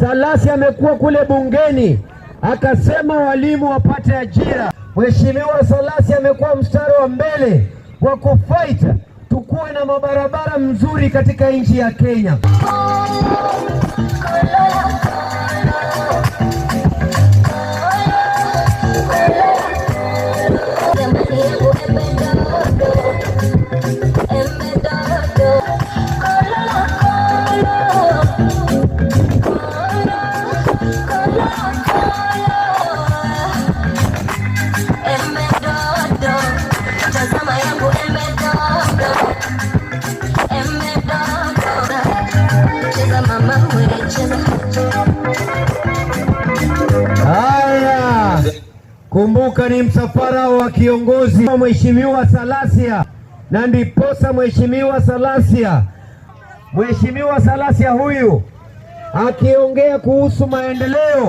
Salasi amekuwa kule bungeni akasema walimu wapate ajira. Mheshimiwa Salasi amekuwa mstari wa mbele wa kufight tukuwe na mabarabara mzuri katika nchi ya Kenya. kumbuka ni msafara wa kiongozi Mheshimiwa Salasia, na ndiposa Mheshimiwa Salasia, Mheshimiwa Salasia huyu akiongea kuhusu maendeleo